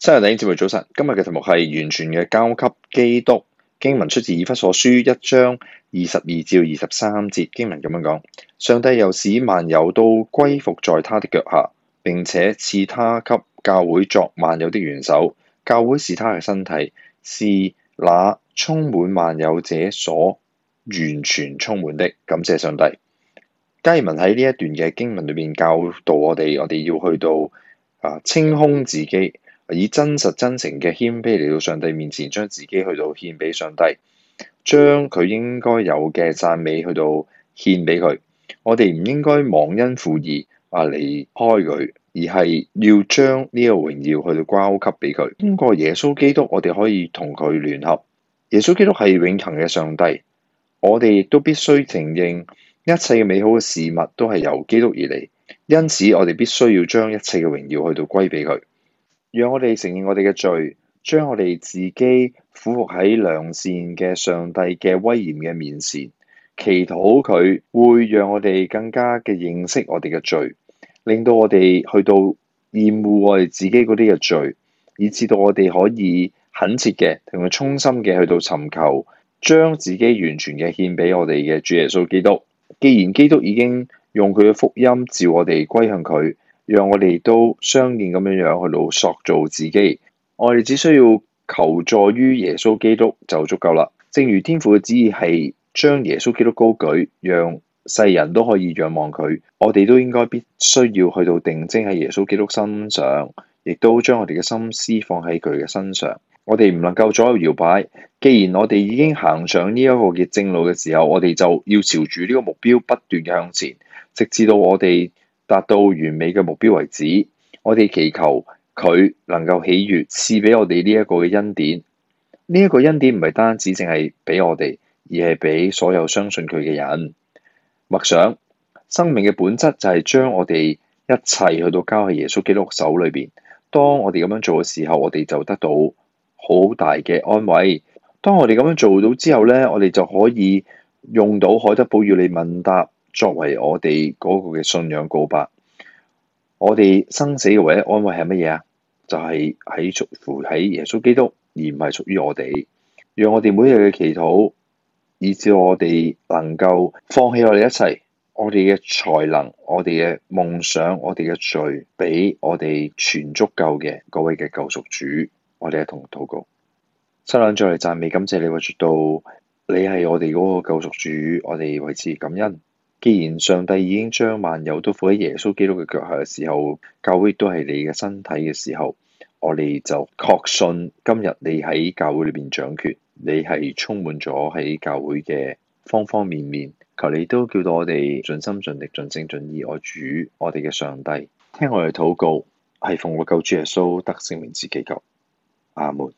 真係頂節目早晨，今日嘅題目係完全嘅交給基督。經文出自以弗所書一章二十二至二十三節，經文咁樣講：上帝又使萬有都歸服在他的腳下，並且賜他給教會作萬有的元首。教會是他嘅身體，是那充滿萬有者所完全充滿的。感謝上帝！加爾文喺呢一段嘅經文裏面教導我哋，我哋要去到啊，清空自己。以真實真誠嘅謙卑嚟到上帝面前，將自己去到獻俾上帝，將佢應該有嘅讚美去到獻俾佢。我哋唔應該忘恩負義，話離開佢，而係要將呢一個榮耀去到交給俾佢。通過耶穌基督，我哋可以同佢聯合。耶穌基督係永恒嘅上帝，我哋亦都必須承認一切美好嘅事物都係由基督而嚟，因此我哋必須要將一切嘅榮耀去到歸俾佢。讓我哋承認我哋嘅罪，將我哋自己俯伏喺良善嘅上帝嘅威嚴嘅面前，祈禱佢會讓我哋更加嘅認識我哋嘅罪，令到我哋去到厭惡我哋自己嗰啲嘅罪，以至到我哋可以懇切嘅同佢衷心嘅去到尋求，將自己完全嘅獻俾我哋嘅主耶穌基督。既然基督已經用佢嘅福音召我哋歸向佢。讓我哋都相見咁樣樣去到塑造自己，我哋只需要求助於耶穌基督就足夠啦。正如天父嘅旨意係將耶穌基督高舉，讓世人都可以仰望佢。我哋都應該必須要去到定睛喺耶穌基督身上，亦都將我哋嘅心思放喺佢嘅身上。我哋唔能夠左右搖擺，既然我哋已經行上呢一個嘅正路嘅時候，我哋就要朝住呢個目標不斷向前，直至到我哋，達到完美嘅目標為止，我哋祈求佢能夠喜悅，賜俾我哋呢一個嘅恩典。呢、這、一個恩典唔係單止淨係俾我哋，而係俾所有相信佢嘅人默想。生命嘅本質就係將我哋一切去到交喺耶穌基督手裏邊。當我哋咁樣做嘅時候，我哋就得到好大嘅安慰。當我哋咁樣做到之後呢，我哋就可以用到海德堡要理問答。作為我哋嗰個嘅信仰告白，我哋生死嘅唯一安慰係乜嘢啊？就係喺乎屬於耶穌基督，而唔係屬於我哋。讓我哋每日嘅祈禱，以致我哋能夠放棄我哋一切，我哋嘅才能、我哋嘅夢想、我哋嘅罪，俾我哋全足夠嘅嗰位嘅救贖主。我哋一同禱告，新娘再嚟讚美感謝你，話説到你係我哋嗰個救贖主，我哋為之感恩。既然上帝已經將萬有都伏喺耶穌基督嘅腳下嘅時候，教會都係你嘅身體嘅時候，我哋就確信今日你喺教會裏邊掌權，你係充滿咗喺教會嘅方方面面。求你都叫到我哋盡心盡力、盡性盡意我主，我哋嘅上帝。聽我哋禱告，係奉我救主耶穌得勝名字祈求，阿門。